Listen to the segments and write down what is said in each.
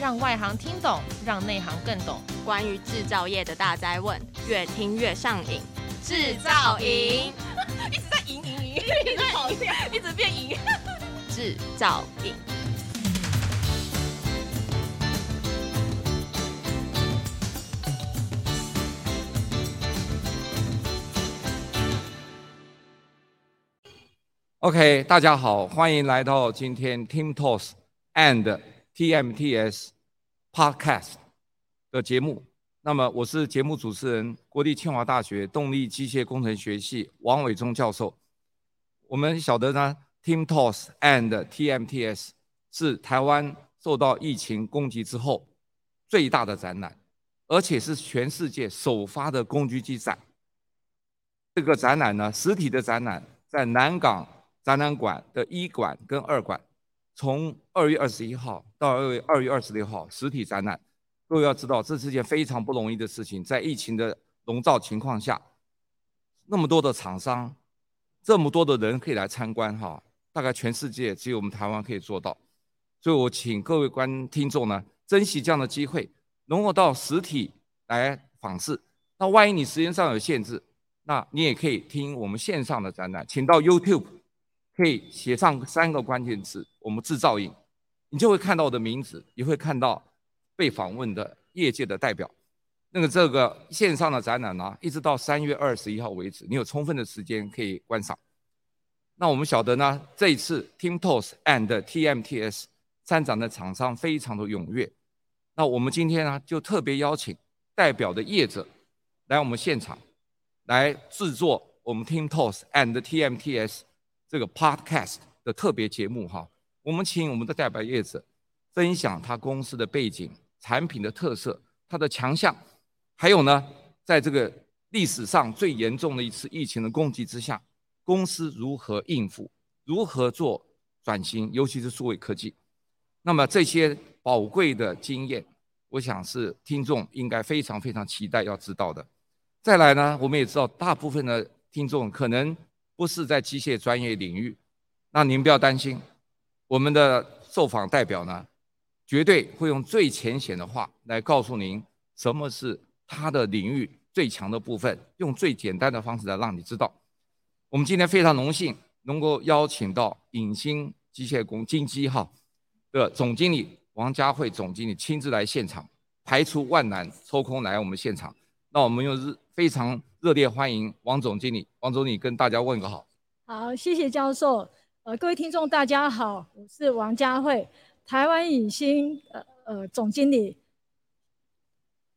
讓外行聽懂，讓內行更懂。關於製造業的大哉問，越聽越上癮。製造營 一直在贏贏贏，贏 一直跑在掉， 一直變贏。 製造營。OK，大家好，歡迎來到今天 TIMTOS and。TMTS Podcast 的節目，那麼我是節目主持人，國立清華大學動力機械工程學系王偉忠教授。我們曉得呢，TIMTOS and TMTS 是台灣受到疫情攻擊之後最大的展覽，而且是全世界首發的工具機展。這個展覽呢，實體的展覽在南港展覽館的一館跟二館。從二月二十一號到二月二月二十六號，實體展覽，各位要知道，這是件非常不容易的事情。在疫情的籠罩情況下，那麼多的廠商，這麼多的人可以來參觀，哈，大概全世界只有我們台灣可以做到。所以，我請各位觀聽眾呢，珍惜這樣的機會，能夠到實體來訪視。那萬一你時間上有限制，那你也可以聽我們線上的展覽，請到 YouTube，可以寫上三個關鍵字。我們製造影，你就會看到我的名字，你會看到被訪問的業界的代表。那個這個線上的展覽呢，一直到三月二十一號為止，你有充分的時間可以觀賞。那我們曉得呢，這一次 TIMTOS and TMTS 參展的廠商非常的踴躍。那我們今天呢，就特別邀請代表的業者來我們現場，來制作我們 TIMTOS and TMTS 這個 Podcast 的特別節目哈。我們請我們的代表業者分享他公司的背景、產品的特色、他的強項，還有呢，在這個歷史上最嚴重的一次疫情的攻擊之下，公司如何應付、如何做轉型，尤其是數位科技。那麼這些寶貴的經驗，我想是聽眾應該非常非常期待要知道的。再來呢，我們也知道大部分的聽眾可能不是在機械專業領域，那您不要擔心。我們的受訪代表呢，絕對會用最淺顯的話來告訴您什麼是他的領域最強的部分，用最簡單的方式來讓你知道。我們今天非常榮幸能夠邀請到引興機械工金機哈的總經理王佳惠總經理親自來現場，排除萬難抽空來我們現場。那我們用非常熱烈歡迎王總經理，王總經理跟大家問個好。好，謝謝教授。各位聽眾，大家好，我是王佳惠，台灣引興，呃呃，總經理。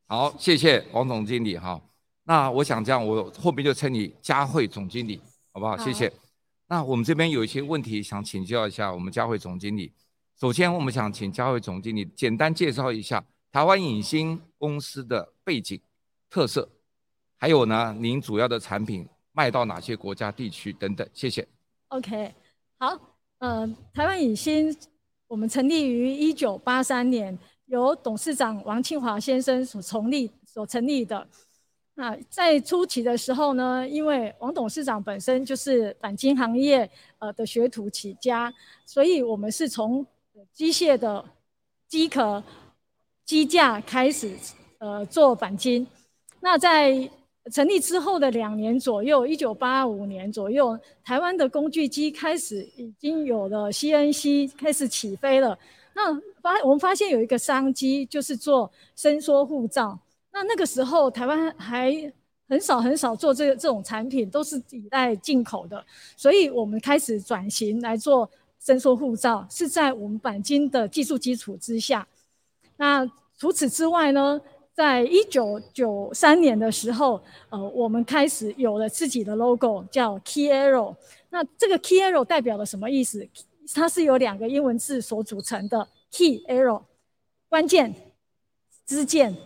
好，謝謝王總經理哈。那我想這樣，我後面，就稱你佳惠總經理，好不好，好？謝謝。那我們這邊有一些問題想請教一下我們佳惠總經理。首先，我們想請佳惠總經理簡單介紹一下台灣引興公司的背景、特色，還有呢，您主要的產品賣到哪些國家、地區等等。謝謝。OK。好，呃，台灣引興我們成立於一九八三年，由董事長王慶華先生所創立，所成立的。那在初期的時候呢，因為王董事長本身就是钣金行業呃的學徒起家，所以我們是從機械的機殼、機架開始呃做钣金。那在成立之後的兩年左右，一九八五年左右，台灣的工具機開始已經有了 CNC，開始起飛了。那發我們發現有一個商機，就是做伸縮護罩。那那個時候台灣還很少很少做這個這種產品，都是依賴進口的。所以，我們開始轉型來做伸縮護罩，是在我們鈑金的技術基礎之下。那除此之外呢？在一九九三年的時候，呃，我們開始有了自己的 logo，叫 Key Arrow。那這個 Key Arrow 代表了什麼意思？它是由兩個英文字所組成的 Key Arrow，關鍵之鍵。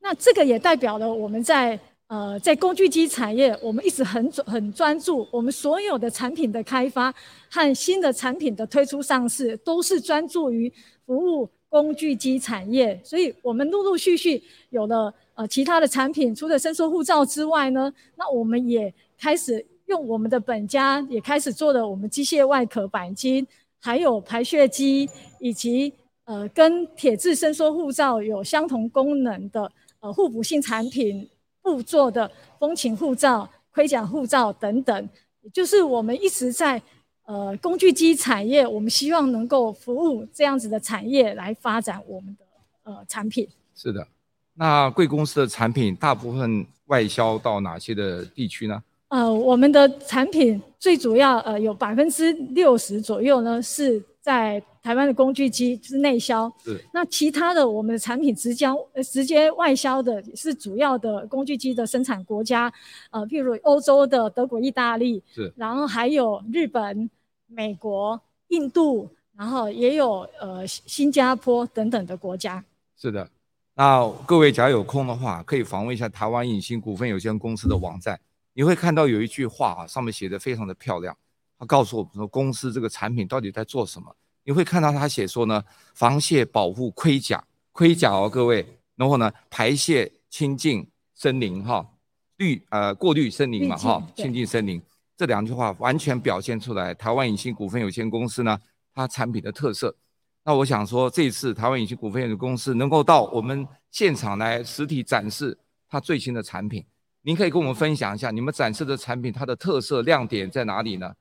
那這個也代表了我們在呃，在工具機產業，我們一直很很專注，我們所有的產品的開發和新的產品的推出上市，都是專注於服務。工具機產業，所以我們陸陸續續有了呃其他的產品，除了伸縮護罩之外呢，那我們也開始用我們的本家也開始做的我們機械外殼鈑金，還有排屑機，以及呃跟鐵製伸縮護罩有相同功能的呃互補性產品，布做的風琴護罩、盔甲護罩等等，就是我們一直在。呃，工具機產業，我們希望能夠服務這樣子的產業來發展我們的呃產品。是的，那貴公司的產品大部分外銷到哪些的地區呢？呃，我們的產品最主要呃有百分之六十左右呢是在。台灣的工具機是內銷，那其他的我們的產品直銷直接外銷的是主要的工具機的生產國家，呃，譬如歐洲的德國、意大利，是，然後還有日本、美國、印度，然後也有呃新加坡等等的國家。是的，那各位假如有空的話，可以訪問一下台灣引興股份有限公司的網站，你會看到有一句話啊，上面寫的非常的漂亮，他告訴我們說公司這個產品到底在做什麼。你會看到他寫說呢，防屑保護盔甲，盔甲哦、啊，各位，然後呢，排泄清淨森林哈，濾呃過濾森林嘛哈，清淨森林這兩句話完全表現出來。台灣引興股份有限公司呢，它產品的特色。那我想說，這一次台灣引興股份有限公司能夠到我們現場來實體展示它最新的產品，您可以跟我們分享一下你們展示的產品它的特色亮點在哪裡呢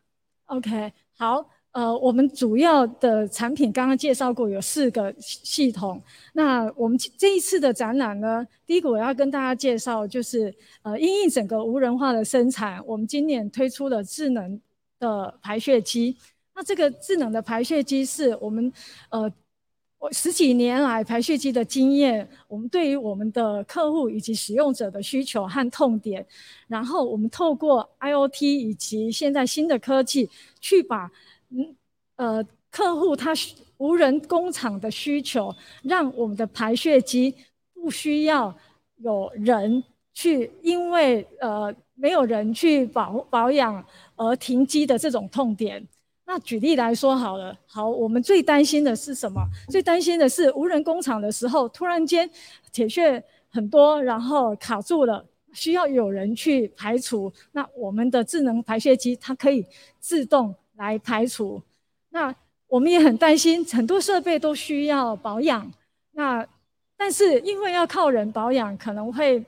？OK，好。呃，我們主要的產品剛剛介紹過，有四個系統。那我們這一次的展覽呢，第一個我要跟大家介紹就是，呃，因應整個無人化的生產，我們今年推出了智能的排屑機。那這個智能的排屑機是我們，呃，我十幾年來排屑機的經驗，我們對於我們的客戶以及使用者的需求和痛點，然後我們透過 IoT 以及現在新的科技去把。嗯，呃，客戶他無人工廠的需求，讓我們的排屑機，不需要有人去，因為呃沒有人去保保養而停機的這種痛點。那舉例來說好了，好，我們最擔心的是什麼？最擔心的是無人工廠的時候，突然間鐵屑很多，然後卡住了，需要有人去排除。那我們的智能排屑機，它可以自動。來排除，那我們也很擔心，很多設備都需要保養，那但是因為要靠人保養，可能會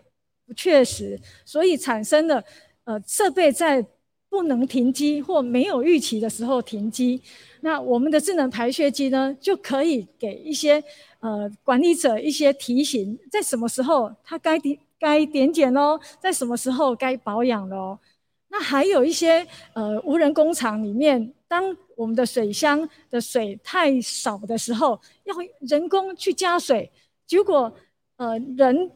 不確實，所以產生了呃設備在不能停機或沒有預期的時候停機，那我們的智能排屑機呢就可以給一些呃管理者一些提醒，在什麼時候它該,該點該點檢嘍，在什麼時候該保養嘍。那還有一些呃無人工廠裡面，當我們的水箱的水太少的時候，要人工去加水。結果呃人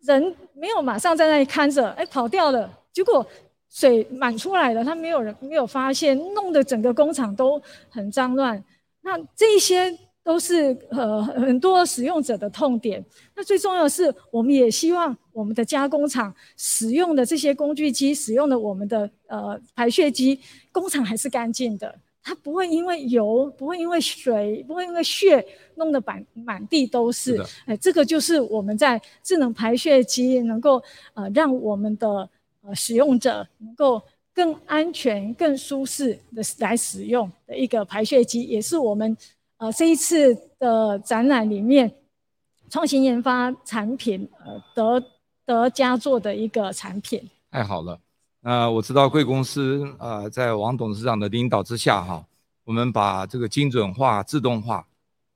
人沒有馬上在那裡看着，哎、欸，跑掉了。結果水滿出來了，他沒有人沒有發現，弄得整個工廠都很髒亂。那這些，都是呃很多使用者的痛點。那最重要的是，我們也希望我們的加工廠使用的這些工具機使用的我們的呃排屑機，工廠還是乾淨的，它不會因為油，不會因為水，不會因為屑弄得滿滿地都是。哎、呃，這個就是我們在智能排屑機能夠呃讓我們的呃使用者能夠更安全、更舒適的來使用的一個排屑機，也是我們。呃，這一次的展覽裡面，創新研發產品，呃，得得佳作的一個產品。太好了，那、呃、我知道貴公司呃在王董事長的領導之下哈、啊，我們把這個精準化、自動化，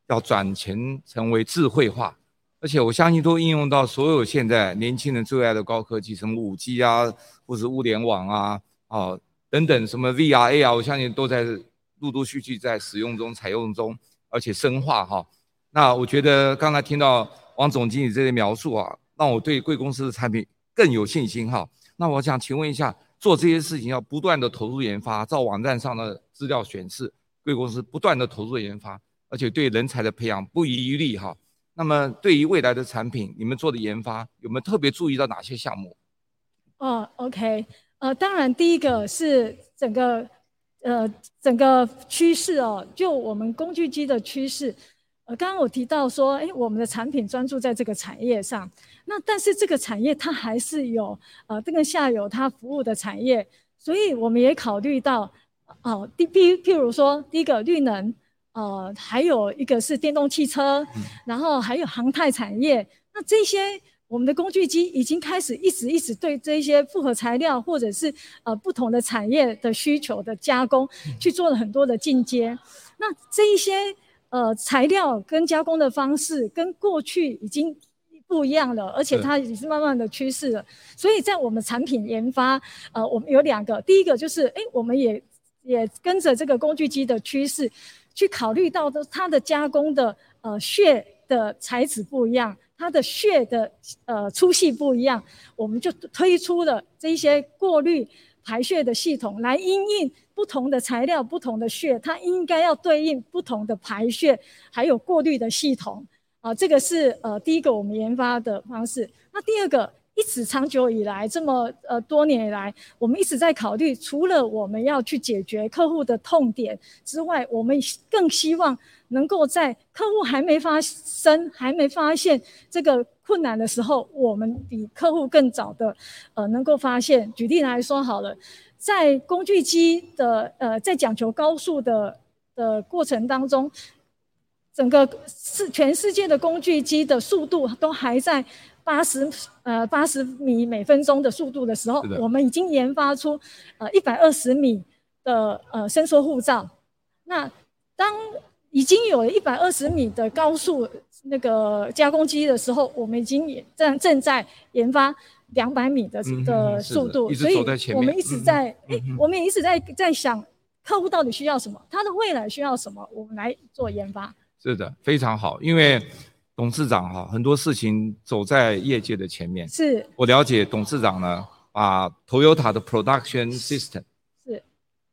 要轉型成為智慧化，而且我相信都應用到所有現在年輕人最愛的高科技，什麼五 G 啊，或是物聯網啊，啊，等等，什麼 VR、啊、AR，我相信都在陸陸續續在使用中、採用中。而且深化哈，那我覺得剛才聽到王總經理這些描述啊，讓我對貴公司的產品更有信心哈。那我想請問一下，做這些事情要不斷的投入研發，照網站上的資料顯示，貴公司不斷的投入研發，而且對人才的培養不遺餘力哈。那麼對於未來的產品，你們做的研發有沒有特別注意到哪些項目？哦，OK，呃，當然第一個是整個。呃，整個趨勢哦，就我們工具機的趨勢，呃，剛剛我提到說，誒，我們的產品專注在這個產業上，那但是這個產業它還是有呃，這個下游它服務的產業，所以我們也考慮到，呃，第比譬如說，第一個綠能，呃，還有一個是電動汽車，然後還有航太產業，那這些。我們的工具機已經開始一直一直對這些複合材料或者是呃不同的產業的需求的加工，去做了很多的進階。那這一些呃材料跟加工的方式跟過去已經不一樣了，而且它也是慢慢的趨勢了。所以在我們產品研發，呃，我們有兩個，第一個就是誒，我們也也跟着這個工具機的趨勢，去考慮到的它的加工的呃屑的材質不一樣。它的屑的呃粗細不一樣，我們就推出了這些過濾排屑的系統來因應不同的材料、不同的屑，它應該要對應不同的排屑，還有過濾的系統啊。這個是呃第一個我們研發的方式。那第二個。一直長久以來，這麼呃多年以來，我們一直在考慮，除了我們要去解決客戶的痛點之外，我們更希望能夠在客戶還沒發生、還沒發現這個困難的時候，我們比客戶更早的呃能夠發現。舉例來說好了，在工具機的呃在講求高速的的、呃、過程當中。整個世全世界的工具機的速度都還在八十呃八十米每分鐘的速度的時候，我們已經研發出呃一百二十米的呃伸縮護罩。那當已經有了一百二十米的高速那個加工機的時候，我們已經也正正在研發兩百米的、嗯、的、的速度的，所以我們一直在、嗯欸嗯、我們也一直在在想客戶到底需要什麼，他的未來需要什麼，我們來做研發。是的，非常好，因為董事長哈、啊、很多事情走在業界的前面。是，我了解董事長呢，把 Toyota 的 production system 是，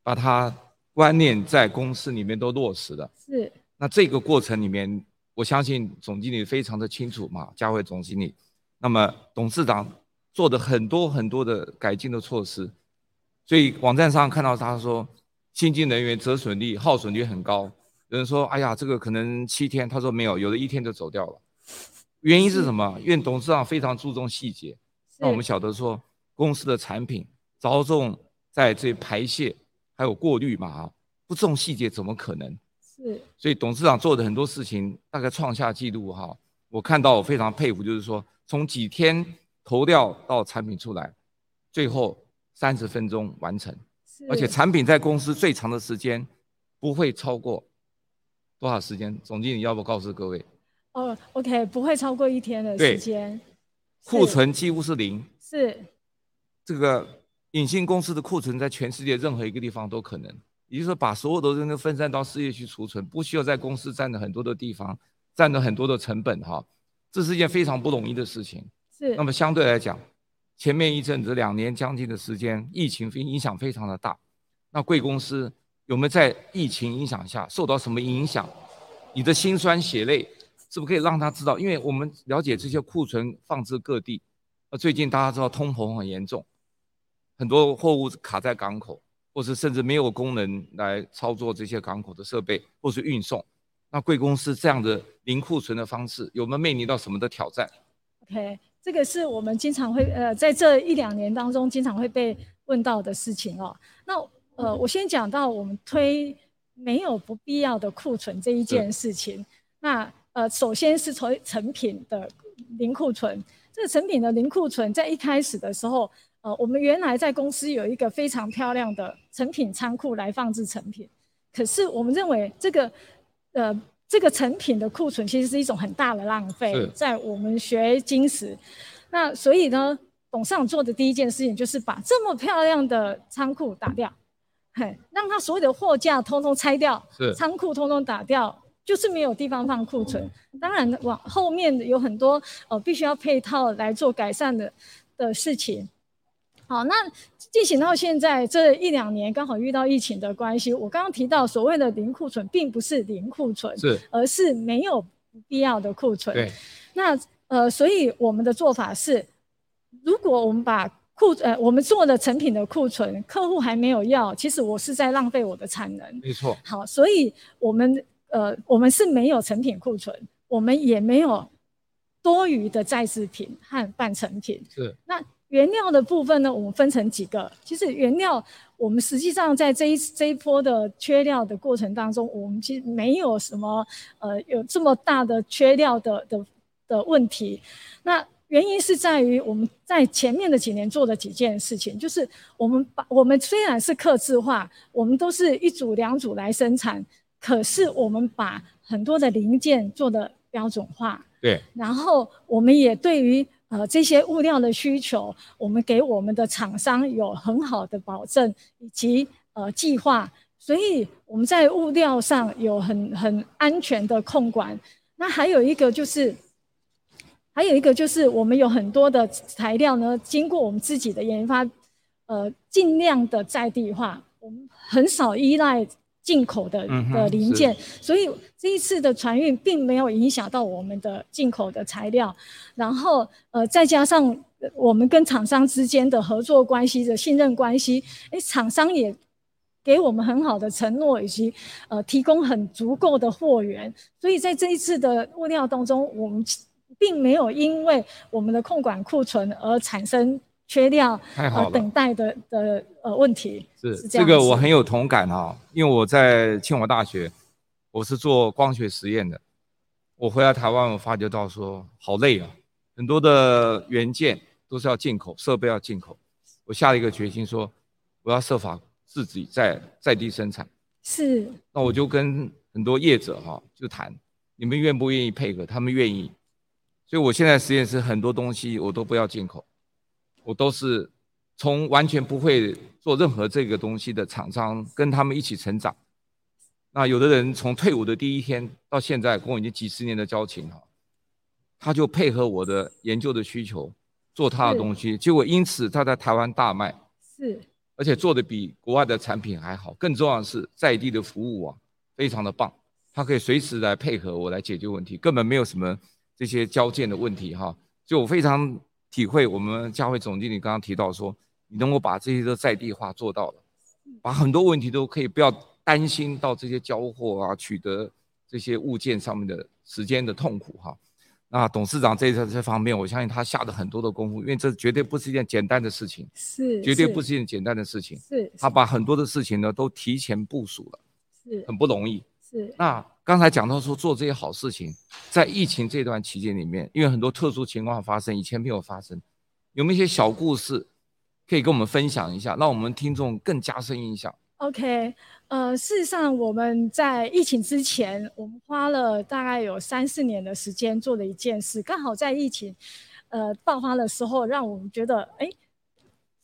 把他觀念在公司裡面都落實了。是，那這個過程裡面，我相信總經理非常的清楚嘛，佳惠總經理。那麼董事長做的很多很多的改進的措施，所以網站上看到他說，新進人員折損率、耗損率很高。有人說：“哎呀，這個可能七天。”他說：“沒有，有的一天就走掉了。”原因是什麼？是。因為董事長非常注重細節。那我們曉得說，公司的產品着重在這排屑還有過濾嘛，哈，不重細節怎麼可能？是。所以董事長做的很多事情大概創下紀錄，哈，我看到我非常佩服，就是說從幾天投料到產品出來，最後三十分鐘完成，而且產品在公司最長的時間不會超過。多少時間？總經理，要不要告訴各位。哦，oh，OK，不會超過一天的時間。對，庫存幾乎是零。是。這個引興公司的庫存，在全世界任何一個地方都可能。也就是說，把所有的人都分散到世界去儲存，不需要在公司占着很多的地方，占着很多的成本哈。這是一件非常不容易的事情。是。那麼相對來講，前面一陣子兩年將近的時間，疫情影響非常的大。那貴公司？有沒有在疫情影響下受到什麼影響？你的辛酸血淚，是不是可以讓他知道？因為我們了解這些庫存放置各地，那最近大家知道通膨很嚴重，很多貨物卡在港口，或是甚至沒有功能來操作這些港口的設備或是運送。那貴公司這樣的零庫存的方式，有沒有面臨到什麼的挑戰？OK，這個是我們經常會呃在這一兩年當中經常會被問到的事情哦。那呃，我先講到我們推沒有不必要的庫存這一件事情。那呃，首先是成品、這個、成品的零庫存。這成品的零庫存，在一開始的時候，呃，我們原來在公司有一個非常漂亮的成品倉庫來放置成品。可是我們認為這個呃，這個成品的庫存其實是一種很大的浪費，在我們學精實。那所以呢，董事長做的第一件事情就是把這麼漂亮的倉庫打掉。嗯讓他所有的貨架通通拆掉，倉庫通通打掉，就是沒有地方放庫存。嗯。當然，往後面有很多呃必須要配套來做改善的的事情。好，那進行到現在這一兩年，剛好遇到疫情的關係，我剛剛提到所謂的零庫存，並不是零庫存，是而是沒有必要的庫存。那呃，所以我們的做法是，如果我們把庫存呃，我們做的成品的庫存，客戶還沒有要，其實我是在浪費我的產能。沒錯。好，所以我們呃，我們是沒有成品庫存，我們也沒有多餘的在製品和半成品。是。那原料的部分呢？我們分成幾個。其實原料，我們實際上在這一這一波的缺料的過程當中，我們其實沒有什麼呃，有這麼大的缺料的的的問題。那原因是在於我們在前面的幾年做的幾件事情，就是我們把我們雖然是客製化，我們都是一組兩組來生產，可是我們把很多的零件做的標準化。對。然後我們也對於呃這些物料的需求，我們給我們的廠商有很好的保證以及呃計劃，所以我們在物料上有很很安全的控管。那還有一個就是。還有一個就是，我們有很多的材料呢，經過我們自己的研發，呃，儘量的在地化，我們很少依賴進口的的零件，嗯，所以這一次的船運並沒有影響到我們的進口的材料。然後，呃，再加上我們跟廠商之間的合作關係的信任關係，誒、欸，廠商也給我們很好的承諾，以及呃，提供很足夠的貨源，所以在這一次的物料當中，我們。並沒有因為我們的控管庫存而產生缺料太好、呃、等待的的呃問題。是，是這，這個我很有同感啊，因為我在清華大學，我是做光學實驗的。我回到台灣，我發覺到說好累啊，很多的原件都是要進口，設備要進口。我下了一個決心說，說我要設法自己在在地生產。是。那我就跟很多業者哈、啊、就談，你們願不願意配合？他們願意。所以，我現在實驗室很多東西我都不要進口，我都是從完全不會做任何這個東西的廠商跟他們一起成長。那有的人從退伍的第一天到現在，跟我已經幾十年的交情了，啊，他就配合我的研究的需求做他的東西，結果因此他在台灣大賣，是，而且做得比國外的產品還好。更重要的是在地的服務啊，非常的棒，他可以隨時來配合我來解決問題，根本沒有什麼。這些交件的問題哈，就我非常體會，我們佳惠總經理剛剛提到說，你能夠把這些都在地化做到了，把很多問題都可以不要擔心到這些交貨啊、取得這些物件上面的時間的痛苦哈。那董事長在這這方面，我相信他下了很多的功夫，因為這絕對不是一件簡單的事情，是，絕對不是一件簡單的事情，是。他把很多的事情呢都提前部署了，是，很不容易，是。那。剛才講到說做這些好事情，在疫情這段期間裡面，因為很多特殊情況發生，以前沒有發生，有沒有一些小故事可以跟我們分享一下，讓我們聽眾更加深印象？OK，呃，事實上我們在疫情之前，我們花了大概有三四年的時間做了一件事，剛好在疫情，呃爆發的時候，讓我們覺得，誒。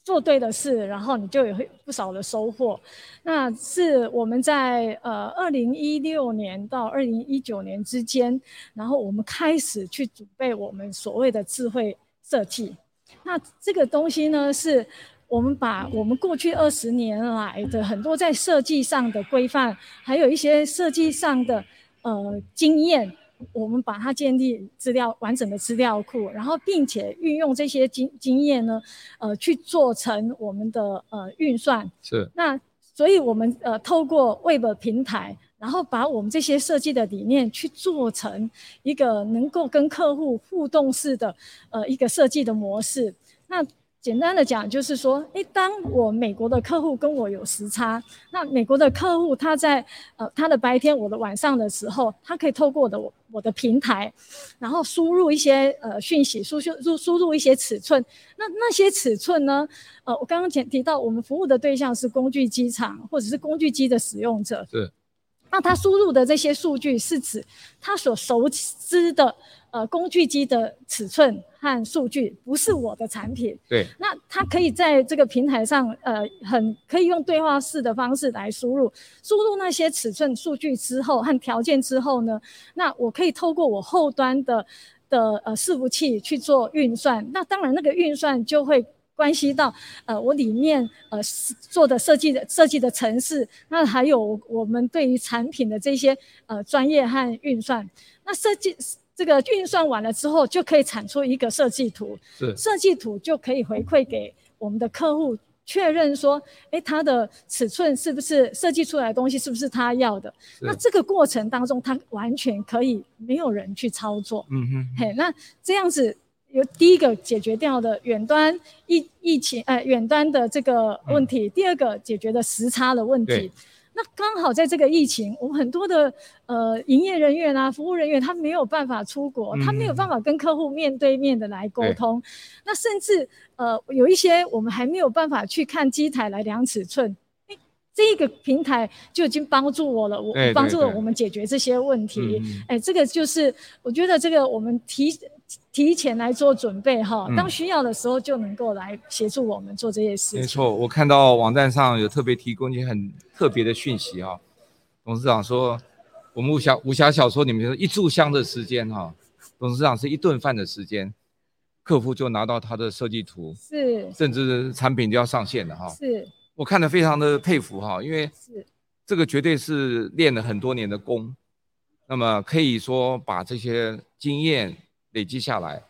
做對的事，然後你就有會不少的收穫。那是我們在呃二零一六年到二零一九年之間，然後我們開始去準備我們所謂的智慧設計。那這個東西呢，是我們把我們過去二十年來的很多在設計上的規範，還有一些設計上的呃經驗。我們把它建立，資料完整的資料庫，然後並且運用這些經經驗呢，呃，去做成我們的呃運算。是。那所以我們呃透過 Web 平台，然後把我們這些設計的理念去做成一個能夠跟客戶互動式的呃一個設計的模式。那。簡單的講，就是說，誒、欸，當我美國的客戶跟我有時差，那美國的客戶他在呃他的白天，我的晚上的時候，他可以透過我的我我的平台，然後輸入一些呃訊息，輸輸入輸入一些尺寸。那那些尺寸呢？呃，我剛剛前提到，我們服務的對象是工具機廠或者是工具機的使用者。對，那他輸入的這些數據是指他所熟知的。呃，工具機的尺寸和數據不是我的產品。對，那它可以在這個平台上，呃，很可以用對話式的方式來輸入，輸入那些尺寸數據之後和條件之後呢，那我可以透過我後端的的呃伺服器去做運算。那當然，那個運算就會關係到呃我裡面呃做的設計的設計的程式，那還有我們對於產品的這些呃專業和運算，那設計。這個運算完了之後，就可以產出一個設計圖。是，設計圖就可以回饋給我們的客戶，確認說，哎、欸，他的尺寸是不是設計出來的東西，是不是他要的？那這個過程當中，他完全可以沒有人去操作。嗯哼，嘿，那這樣子，有第一個解決掉的遠端疫疫情，哎、呃，遠端的這個問題、嗯；第二個解決的時差的問題。那剛好在這個疫情，我們很多的呃營業人員啊、服務人員，他沒有辦法出國，嗯，他沒有辦法跟客戶面對面的來溝通。那甚至呃有一些我們還沒有辦法去看機台來量尺寸，哎，這個平台就已經幫助我了，對對對，我幫助了我們解決這些問題。哎、欸，這個就是我覺得這個我們提。提前來做準備哈，當需要的時候，就能夠來協助我們做這些事情。嗯，沒錯，我看到網站上有特別提供一些很特別的訊息哈。董事長說，我們武俠武俠小說你們說一炷香的時間哈，董事長是一頓飯的時間，客戶就拿到他的設計圖，是甚至是產品就要上線了哈。是，我看得非常的佩服哈，因為是這個絕對是練了很多年的功，那麼可以說把這些經驗。累積下來，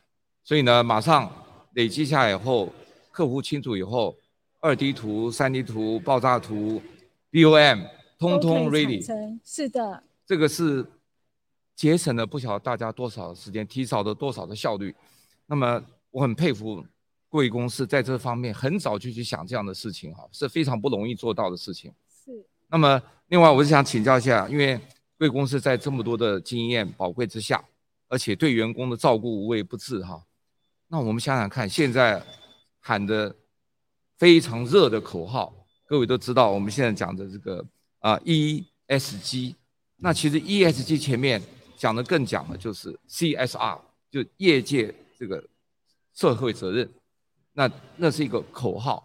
所以呢，馬上累積下來以後，客戶清楚以後，二 D 圖、三 D 圖、爆炸圖、BOM，通通 ready。是的。這個是節省了不曉得大家多少時間，提早了多少的效率。那麼我很佩服貴公司在這方面很早就去想這樣的事情哈，是非常不容易做到的事情。是。那麼另外，我是想請教一下，因為貴公司在這麼多的經驗寶貴之下。而且對員工的照顧無微不至哈，那我們想想看，現在喊的非常熱的口號，各位都知道，我們現在講的這個啊 ESG，那其實 ESG 前面講的更講的就是 CSR，就業界這個社會責任，那那是一個口號，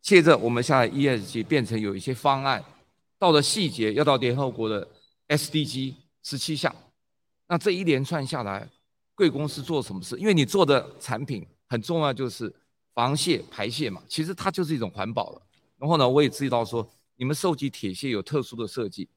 接著我們下來 ESG 變成有一些方案，到了細節要到聯合國的 SDG 十七項。那這一連串下來，貴公司做什麼事？因為你做的產品很重要，就是防屑排屑嘛。其實它就是一種環保了。然後呢，我也知道說，你們收集鐵屑有特殊的設計，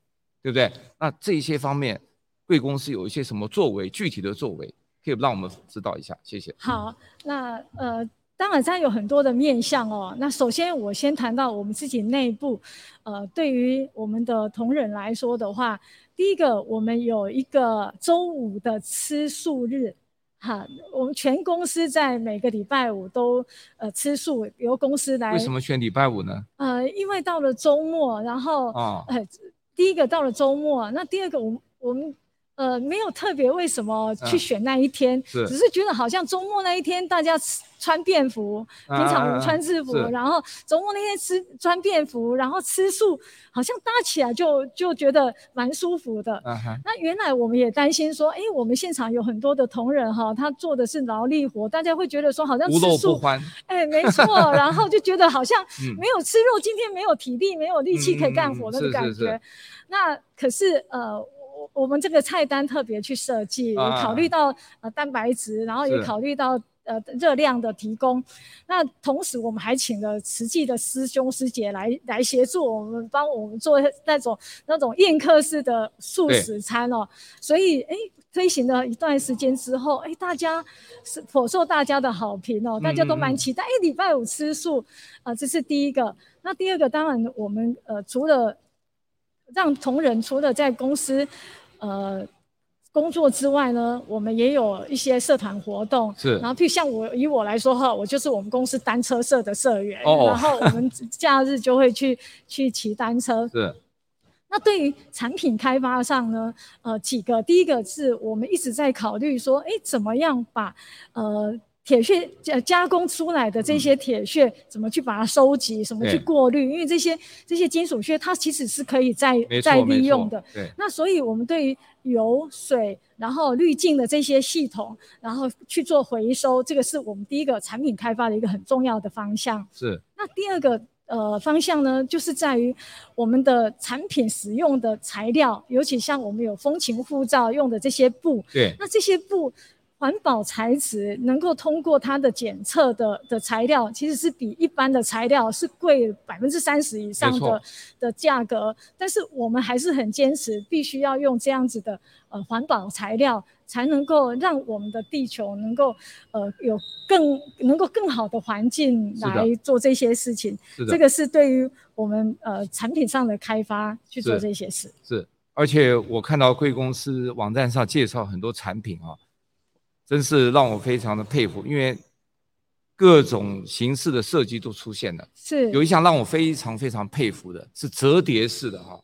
對不對？那這一些方面，貴公司有一些什麼作為？具體的作為，可以讓我們知道一下。謝謝。好，那呃。當然，它有很多的面向哦。那首先，我先談到我們自己內部，呃，對於我們的同仁來說的話，第一個，我們有一個周五的吃素日，哈，我們全公司在每個禮拜五都呃吃素，由公司來。為什麼選禮拜五呢？呃，因為到了周末，然後、哦、呃，第一個到了周末，那第二個，我我們。我們呃，沒有特別為什麼去選那一天，啊，只是覺得好像周末那一天大家穿便服，啊，平常我們穿制服，然後周末那天吃穿便服，然後吃素，好像搭起來就就覺得蠻舒服的，啊。那原來我們也擔心說，哎，我們現場有很多的同仁哈，哦，他做的是勞力活，大家會覺得說好像吃素，哎，沒錯， 然後就覺得好像沒有吃肉，今天沒有體力，沒有力氣可以幹活的感覺。嗯嗯，是是是。那可是，呃。我們這個菜單特別去設計，啊、考慮到呃蛋白質，然後也考慮到呃熱量的提供。那同時，我們還請了慈濟的師兄師姐來來協助我們，幫我們做那種那種宴客式的素食餐哦。所以，哎、欸，推行了一段時間之後，哎、欸，大家是頗受大家的好評哦，大家都蠻期待。哎、嗯，欸、禮拜五吃素啊、呃，這是第一個。那第二個，當然我們呃除了讓同仁除了在公司，呃，工作之外呢，我們也有一些社團活動。是。然後，譬如像我以我來說哈，我就是我們公司單車社的社員。哦。然後我們假日就會去 去騎單車。是。那對於產品開發上呢，呃，幾個，第一個是我們一直在考慮說，誒，怎麼樣把，呃。鐵屑加工出來的這些鐵屑怎麼去把它收集，嗯，什麼去過濾？因為這些這些金屬屑它其實是可以再再利用的。對，那所以我們對於油水然後濾淨的這些系統，然後去做回收，這個是我們第一個產品開發的一個很重要的方向。是。那第二個呃方向呢，就是在於我們的產品使用的材料，尤其像我們有風琴護罩用的這些布。對。那這些布。環保材質能夠通過它的檢測的的材料，其實是比一般的材料是貴百分之三十以上的的價格。但是我們還是很堅持，必須要用這樣子的呃環保材料，才能夠讓我們的地球能夠呃有更能夠更好的環境來做這些事情。這個是對於我們呃產品上的開發去做這些事。是，是，而且我看到貴公司網站上介紹很多產品啊哦。真是讓我非常的佩服，因為各種形式的設計都出現了。是，有一項讓我非常非常佩服的是折疊式的哈，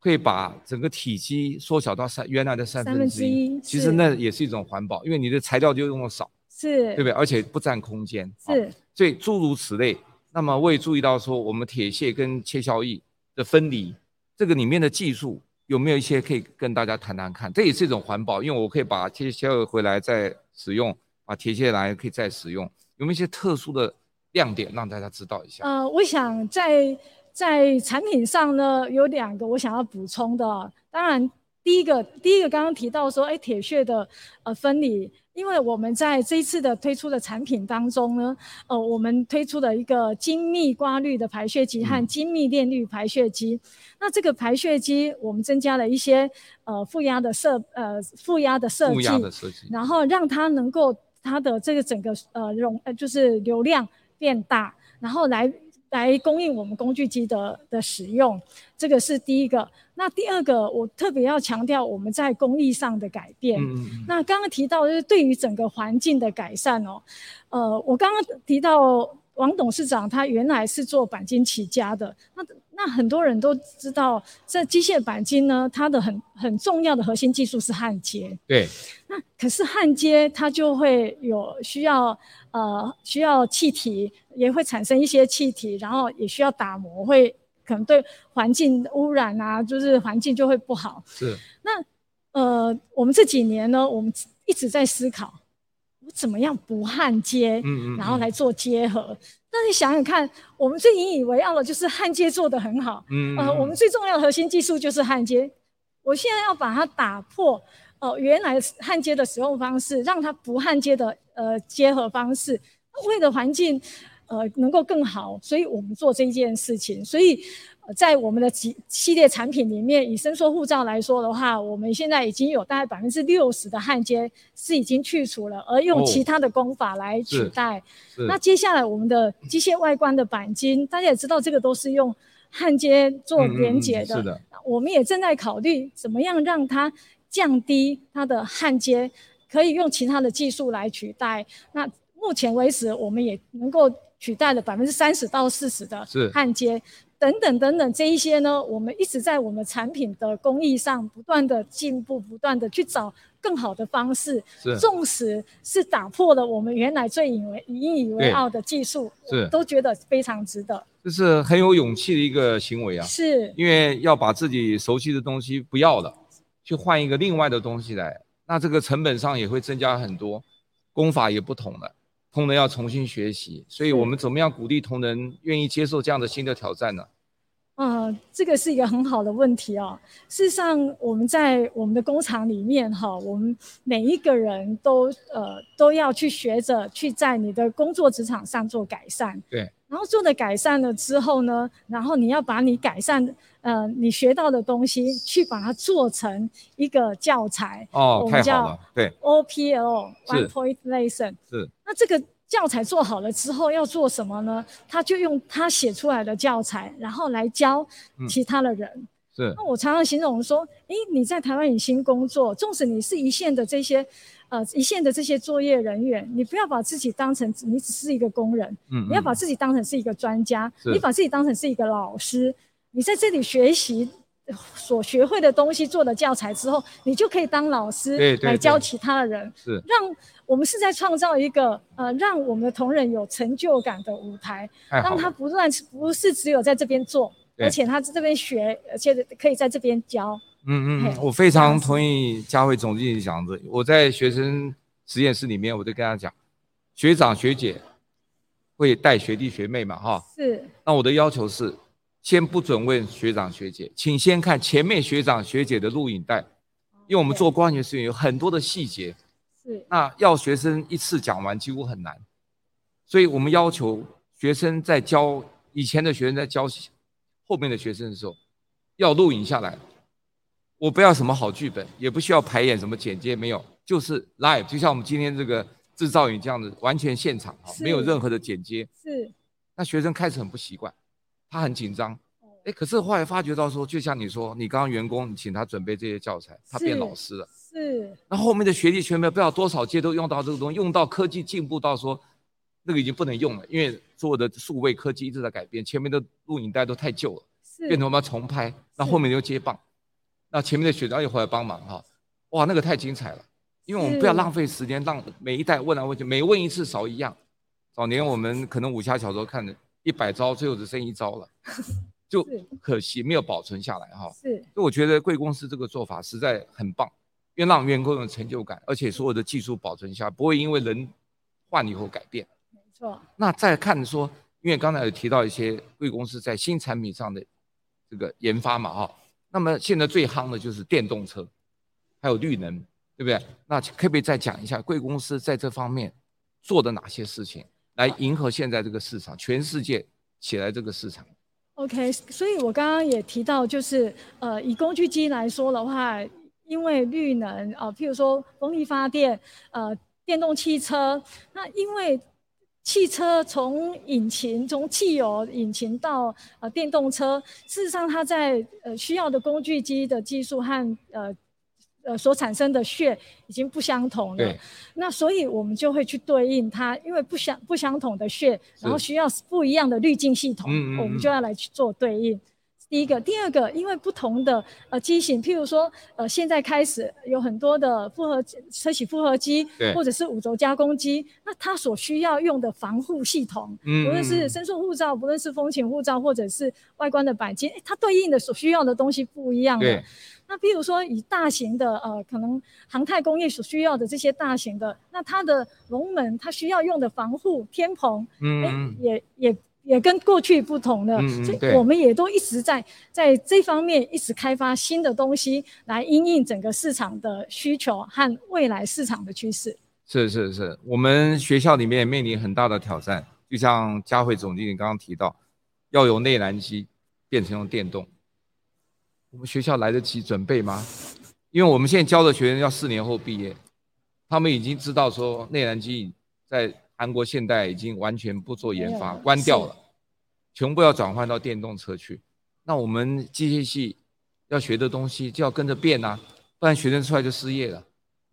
可以把整個體積縮小到三原來的三分之一。其實那也是一種環保，因為你的材料就用得少，是，對不對？而且不占空間，是。所以諸如此類，那麼我也注意到說，我們鐵屑跟切削液的分離，這個裡面的技術。有沒有一些可以跟大家談談看？這也是一種環保，因為我可以把鐵屑吸回來再使用，把、啊、鐵屑來可以再使用。有沒有一些特殊的亮點讓大家知道一下？呃，我想在在產品上呢，有兩個我想要補充的。當然，第一個，第一個剛剛提到說，哎，鐵屑的呃分離。因為我們在這一次的推出的產品當中呢，呃，我們推出了一個精密刮濾的排屑機和精密鏈濾排屑機，嗯。那這個排屑機我們增加了一些呃，負壓，呃負壓的設呃負壓的設計，然後讓它能夠它的這個整個呃容、呃就是流量變大，然後來。來供應我們工具機的的使用，這個是第一個。那第二個，我特別要強調我們在工藝上的改變。嗯嗯嗯。那剛剛提到，就是對於整個環境的改善哦。呃，我剛剛提到王董事長，他原來是做鈑金起家的。那那很多人都知道，這機械鈑金呢，它的很很重要的核心技術是焊接。對。那可是焊接它就會有需要，呃，需要氣體，也會產生一些氣體，然後也需要打磨，會可能對環境污染啊，就是環境就會不好。是。那呃，我們這幾年呢，我們一直在思考。怎麼樣不焊接，嗯嗯嗯，然後來做結合？那你想想看，我們最引以為傲的就是焊接做得很好，嗯，嗯，嗯、呃，我們最重要的核心技術就是焊接。我現在要把它打破，哦、呃，原來焊接的使用方式，讓它不焊接的呃結合方式，那為了環境。呃，能夠更好，所以我們做這件事情。所以，呃，在我們的幾系列產品裡面，以伸縮護罩來說的話，我們現在已經有大概百分之六十的焊接是已經去除了，而用其他的工法來取代。哦，是。那接下來我們的機械外觀的钣金，大家也知道，這個都是用焊接做連接的，嗯嗯，是的。我們也正在考慮怎麼樣讓它降低它的焊接，可以用其他的技術來取代。那目前為止，我們也能夠。取代了百分之三十到四十的焊接，等等等等，這一些呢，我們一直在我們產品的工藝上不斷的進步，不斷的去找更好的方式。是，縱使是打破了我們原來最以為引以為傲的技術，是，我都覺得非常值得。這是，就是很有勇氣的一個行為啊！是，因為要把自己熟悉的東西不要了，去換一個另外的東西來，那這個成本上也會增加很多，工法也不同了。同仁要重新學習，所以我們怎麼樣鼓勵同仁願意接受這樣的新的挑戰呢、啊？嗯，這個是一個很好的問題啊、哦！事實上，我們在我們的工廠裡面哈、哦，我們每一個人都呃都要去學着去在你的工作職場上做改善。對。然後做了改善了之後呢，然後你要把你改善呃你學到的東西去把它做成一個教材哦，我們叫 OPL，太好了，對。OPL One Point Lesson 是。是。那這個教材做好了之後要做什麼呢？他就用他寫出來的教材，然後來教其他的人。嗯、是。那我常常形容說，誒、欸、你在台灣引興工作，縱使你是一線的這些，呃一線的這些作業人員，你不要把自己當成你只是一個工人，嗯嗯你要把自己當成是一個專家，你把自己當成是一個老師，你在這裡學習。所學會的東西做了教材之後，你就可以當老師來教其他的人。是，讓我們是在創造一個呃，讓我們的同仁有成就感的舞台，讓他不斷不是只有在這邊做，而且他在這邊學，而且可以在這邊教。嗯嗯，我非常同意佳惠總經理講的。我在學生實驗室裡面，我就跟他講，學長學姐會帶學弟學妹嘛哈？是。那我的要求是。先不准問學長學姐，請先看前面學長學姐的錄影帶，因為我們做光學實驗有很多的細節，是，那要學生一次講完幾乎很難，所以我們要求學生在教，以前的學生在教後面的學生的時候，要錄影下來。我不要什麼好劇本，也不需要排演什麼剪接，沒有，就是 live，就像我們今天這個制造影這樣子，完全現場，沒有任何的剪接。是，那學生開始很不習慣。他很緊張，哎、欸，可是後來發覺到說，就像你說，你剛剛員工請他準備這些教材，他變老師了。是。是那後面的學弟學妹全部不知道多少屆都用到這個東西，用到科技進步到說，那個已經不能用了，因為所有的數位科技一直在改變，前面的錄影帶都太舊了，是，變成我們要重拍。那後，後面就接棒，那前面的學長也回來幫忙哈，哇，那個太精彩了，因為我們不要浪費時間，讓每一代問來問去，每問一次少一樣。早年我們可能武俠小說看的。一百招最後只剩一招了， 就可惜沒有保存下來哈。是，就我覺得貴公司這個做法實在很棒，因為讓員工有成就感，而且所有的技術保存下來，不會因為人換以後改變。沒錯。那再看說，因為剛才有提到一些貴公司在新產品上的這個研發嘛，哈。那麼現在最夯的就是電動車，還有綠能，對不對？那可不可以再講一下貴公司在這方面做的哪些事情？來迎合現在這個市場，全世界起來這個市場。OK，所以我剛剛也提到，就是呃，以工具機來說的話，因為綠能啊，呃，譬如說風力發電，呃，電動汽車，那因為汽車從引擎從汽油引擎到呃電動車，事實上它在呃需要的工具機的技術和呃。呃，所產生的屑已經不相同了，那所以我們就會去對應它，因為不相不相同的屑，然後需要不一樣的濾鏡系統，我們就要來去做對應嗯嗯嗯。第一個，第二個，因為不同的呃機型，譬如說呃現在開始有很多的複合車銑複合機，或者是五軸加工機，那它所需要用的防護系統，無論是伸縮護罩，不論是,是風琴護罩，或者是外觀的钣金，欸，它對應的所需要的東西不一樣了。那比如說，以大型的呃，可能航太工業所需要的這些大型的，那它的龍門，它需要用的防護天棚，嗯，欸、也也也跟過去不同了，嗯，所以我們也都一直在在這方面一直開發新的東西來因應整個市場的需求和未來市場的趨勢。是是是，我們學校裡面也面臨很大的挑戰，就像佳惠總經理剛剛提到，要由內燃機變成用電動。我們學校來得及準備嗎？因為我們現在教的學生要四年後畢業，他們已經知道說內燃機在韓國現代已經完全不做研發，關掉了，全部要轉換到電動車去。那我們機械系要學的東西就要跟着變吶、啊，不然學生出來就失業了，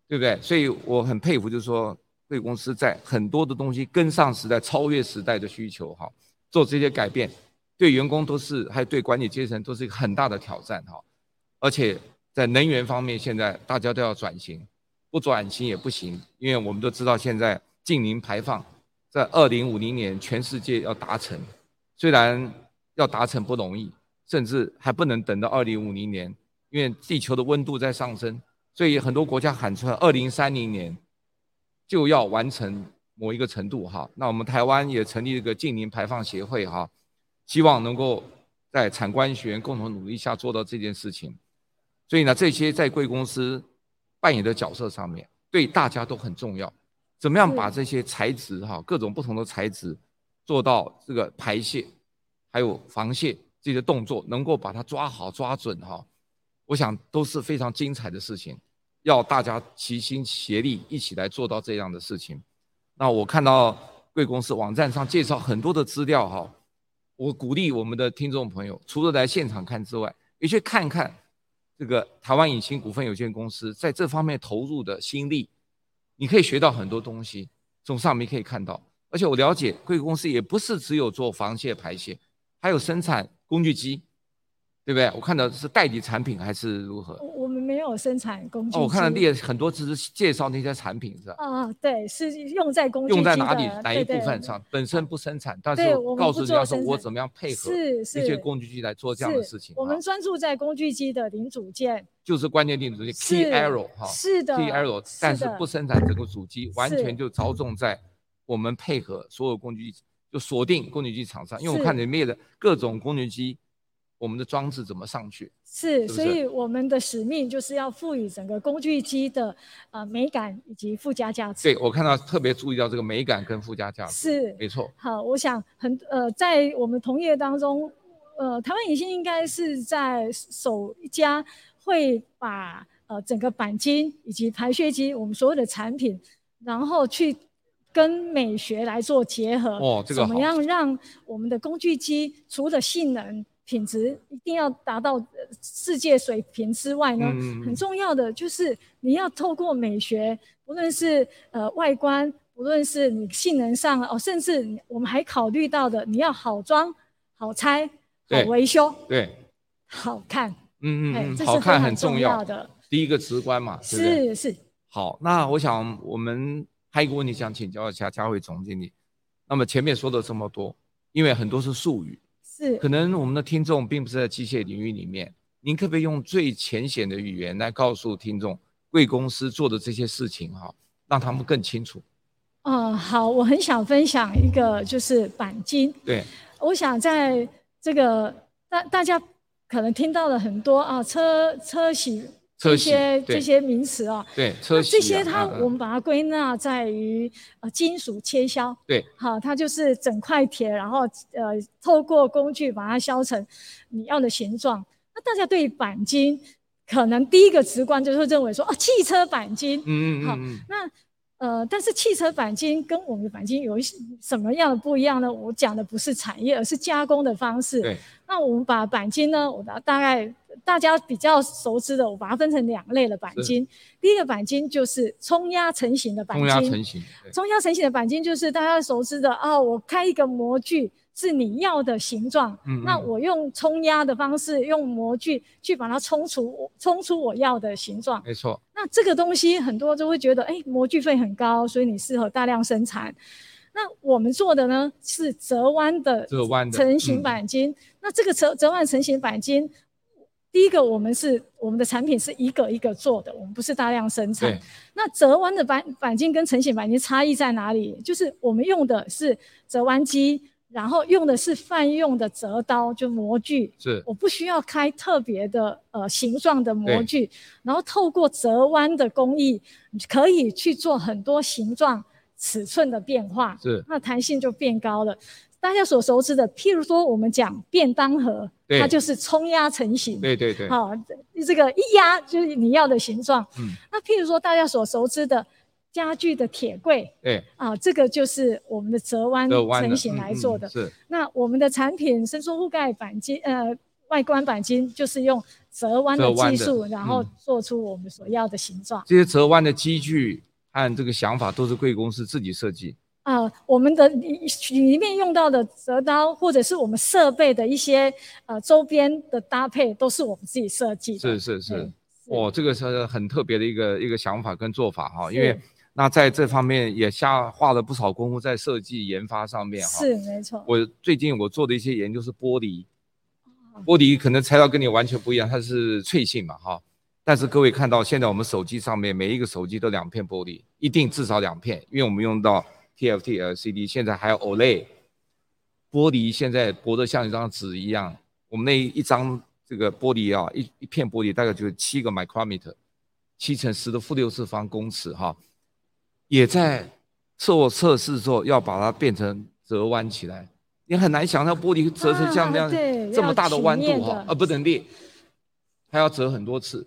對不對？所以我很佩服，就是說貴公司在很多的東西跟上時代、超越時代的需求，哈，做這些改變。對員工都是，還有對管理階層都是一個很大的挑戰哈，而且在能源方面，現在大家都要轉型，不轉型也不行，因為我們都知道現在淨零排放在二零五零年全世界要達成，雖然要達成不容易，甚至還不能等到二零五零年，因為地球的溫度在上升，所以很多國家喊出二零三零年就要完成某一個程度哈。那我們台灣也成立了一個淨零排放協會哈。希望能夠在產官學員共同努力下做到這件事情，所以呢，這些在貴公司扮演的角色上面，對大家都很重要。怎麼樣把這些材質哈，各種不同的材質，做到這個排屑，還有防屑這些動作，能夠把它抓好抓準哈、啊，我想都是非常精彩的事情，要大家齊心協力一起來做到這樣的事情。那我看到貴公司網站上介紹很多的資料哈、啊。我鼓勵我們的聽眾朋友，除了來現場看之外，也去看看這個台灣引興股份有限公司在這方面投入的心力，你可以學到很多東西。從上面可以看到，而且我了解貴公司也不是只有做防屑排屑，還有生產工具機，對不對？我看到是代理產品還是如何？沒有生產工具機哦，我看了列很多只是介紹那些產品是吧？啊，對，是用在工具機，用在哪裡哪一部分上？對對，本身不生產，但是我告訴你要說，我怎麼樣配合是是一些工具機來做這樣的事情。啊？我們專注在工具機的零組件，是就是關鍵的零組件，key arrow 哈、啊，是的，key arrow 但是不生產整個主機，完全就着重在我們配合所有工具機，就鎖定工具機廠商，因為我看你列的各種工具機。我們的裝置怎麼上去？是，是，是，所以我們的使命就是要賦予整個工具機的呃美感，以及附加價值。對我看到特別注意到這個美感跟附加價值。是，沒錯。好，我想很呃，在我們同業當中，呃，台灣引興應該是在首一家會把呃整個鈑金以及排屑機我們所有的產品，然後去跟美學來做結合。哦，這個好。怎麼樣讓我們的工具機除了性能，品質一定要達到世界水平之外呢，很重要的就是你要透過美學，不論是呃外觀，不論是你性能上哦，甚至我們還考慮到的，你要好裝、好拆、好維修、對，好看，嗯嗯嗯，好，這是好看很重要。的第一個直觀嘛，對對，是是。好，那我想我們還有一個問題想請教一下佳惠總經理。那麼前面說的這麼多，因為很多是術語。是，可能我們的聽眾並不是在機械領域裡面，您可不可以用最淺顯的語言來告訴聽眾貴公司做的這些事情哈，讓他們更清楚。嗯，好，我很想分享一個就是鈑金。對，我想在這個大大家可能聽到了很多啊，車車銑。這些這些名詞啊、哦，對車啊，這些它，我們把它歸納在於呃，金屬切削，對，好，它就是整塊鐵，然後呃，透過工具把它削成你要的形狀。那大家對鈑金可能第一個直觀就是會認為說哦，汽車鈑金，嗯嗯嗯，好、哦，那。呃，但是汽車鈑金跟我們的鈑金有一些什麼樣的不一樣呢？我講的不是產業，而是加工的方式。對。那我們把鈑金呢，我大大概大家比較熟知的，我把它分成兩類的鈑金。第一個鈑金就是沖壓成型的鈑金。沖壓成型。沖壓成型的鈑金就是大家熟知的啊、哦，我開一個模具。是你要的形狀，那我用沖壓的方式，嗯嗯，用模具去把它沖出，沖出我要的形狀。沒錯。那這個東西很多人都會覺得，哎，模具費很高，所以你適合大量生產。那我們做的呢，是折彎的成型板金。這個嗯、那這個折折彎成型板金，第一個我們是我們的產品是一個一個做的，我們不是大量生產。對。那折彎的板板金跟成型板金差異在哪裡？就是我們用的是折彎機。然後用的是泛用的折刀，就模具。是，我不需要開特別的呃形狀的模具。然後透過折彎的工藝，可以去做很多形狀、尺寸的變化。是，那彈性就變高了。大家所熟知的，譬如說我們講便當盒，對，它就是沖壓成型。對對對。好，啊，這個一壓就是你要的形狀。嗯。那譬如說大家所熟知的。家具的鐵櫃，對、欸、啊，這個就是我們的折彎成型來做的。的嗯、是，那我們的產品伸縮覆蓋板金，呃，外觀板金就是用折彎的技術，然後做出我們所要的形狀。嗯、這些折彎的機具和這個想法都是貴公司自己設計？嗯、啊，我們的裡裡面用到的折刀或者是我們設備的一些呃周邊的搭配都是我們自己設計的。是是是、嗯、是，哦，這個是很特別的一個一個想法跟做法哈，因為。那在這方面也下花了不少功夫在設計研發上面，哈，是沒錯。我最近我做的一些研究是玻璃，玻璃可能材料跟你完全不一樣，它是脆性嘛，哈。但是各位看到現在我們手機上面每一個手機都兩片玻璃，一定至少兩片，因為我們用到 TFT LCD，現在還有 OLED 玻璃，現在薄得像一張紙一樣。我們那一張這個玻璃啊，一一片玻璃大概就是七個 micrometer，七乘十的負六次方公尺，哈。也在做我測試，的時候，要把它變成折彎起來，你很難想象玻璃折成像這樣、啊，這麼大的彎度哈、哦，啊，不能裂，還要折很多次，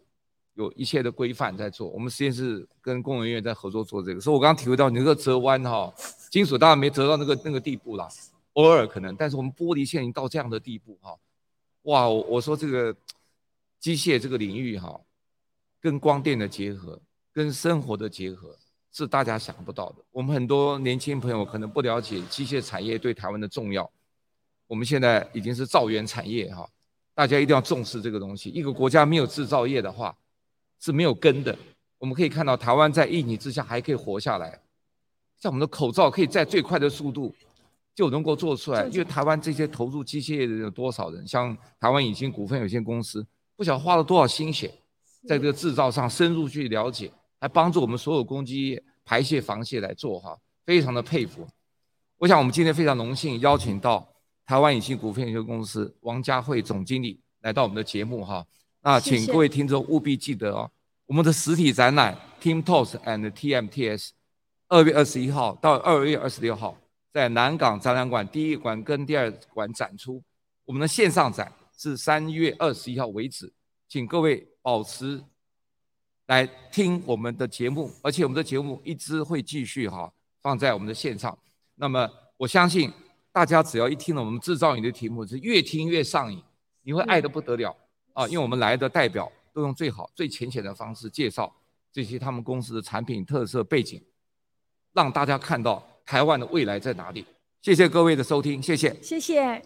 有一切的規範在做。我們實驗室跟工研院在合作做這個，所以我剛剛體會到，你那個折彎哈、哦，金屬當然沒折到那個那個地步啦，偶爾可能，但是我們玻璃現在已經到這樣的地步哈、哦，哇，我，我說這個機械這個領域哈、哦，跟光電的結合，跟生活的結合。是大家想不到的。我們很多年輕朋友可能不了解機械產業對台灣的重要。我們現在已經是兆元產業哈，大家一定要重視這個東西。一個國家沒有制造業的話是沒有根的。我們可以看到台灣在疫情之下還可以活下來，像我們的口罩可以在最快的速度就能夠做出來，因為台灣這些投入機械業的人有多少人？像台灣引興股份有限公司不曉得花了多少心血，在這個制造上深入去了解，還幫助我們所有工機業。排泄防泄來做哈，非常的佩服。我想我們今天非常榮幸邀請到台灣引興股份有限公司王佳惠總經理來到我們的節目哈。那請各位聽眾務必記得哦，我們的實體展覽 TIMTOS and TMTS，二月二十一號到二月二十六號在南港展覽館第一館跟第二館展出。我們的線上展是三月二十一號為止，請各位保持，來聽我們的節目，而且我們的節目一直會繼續哈、啊，放在我們的線上。那麼我相信大家只要一聽了我們製造業的題目，是越聽越上癮，你會愛得不得了啊！因為我們來的代表都用最好、最淺顯的方式介紹這些他們公司的產品特色背景，讓大家看到台灣的未來在哪裡。謝謝各位的收聽，謝謝，謝謝。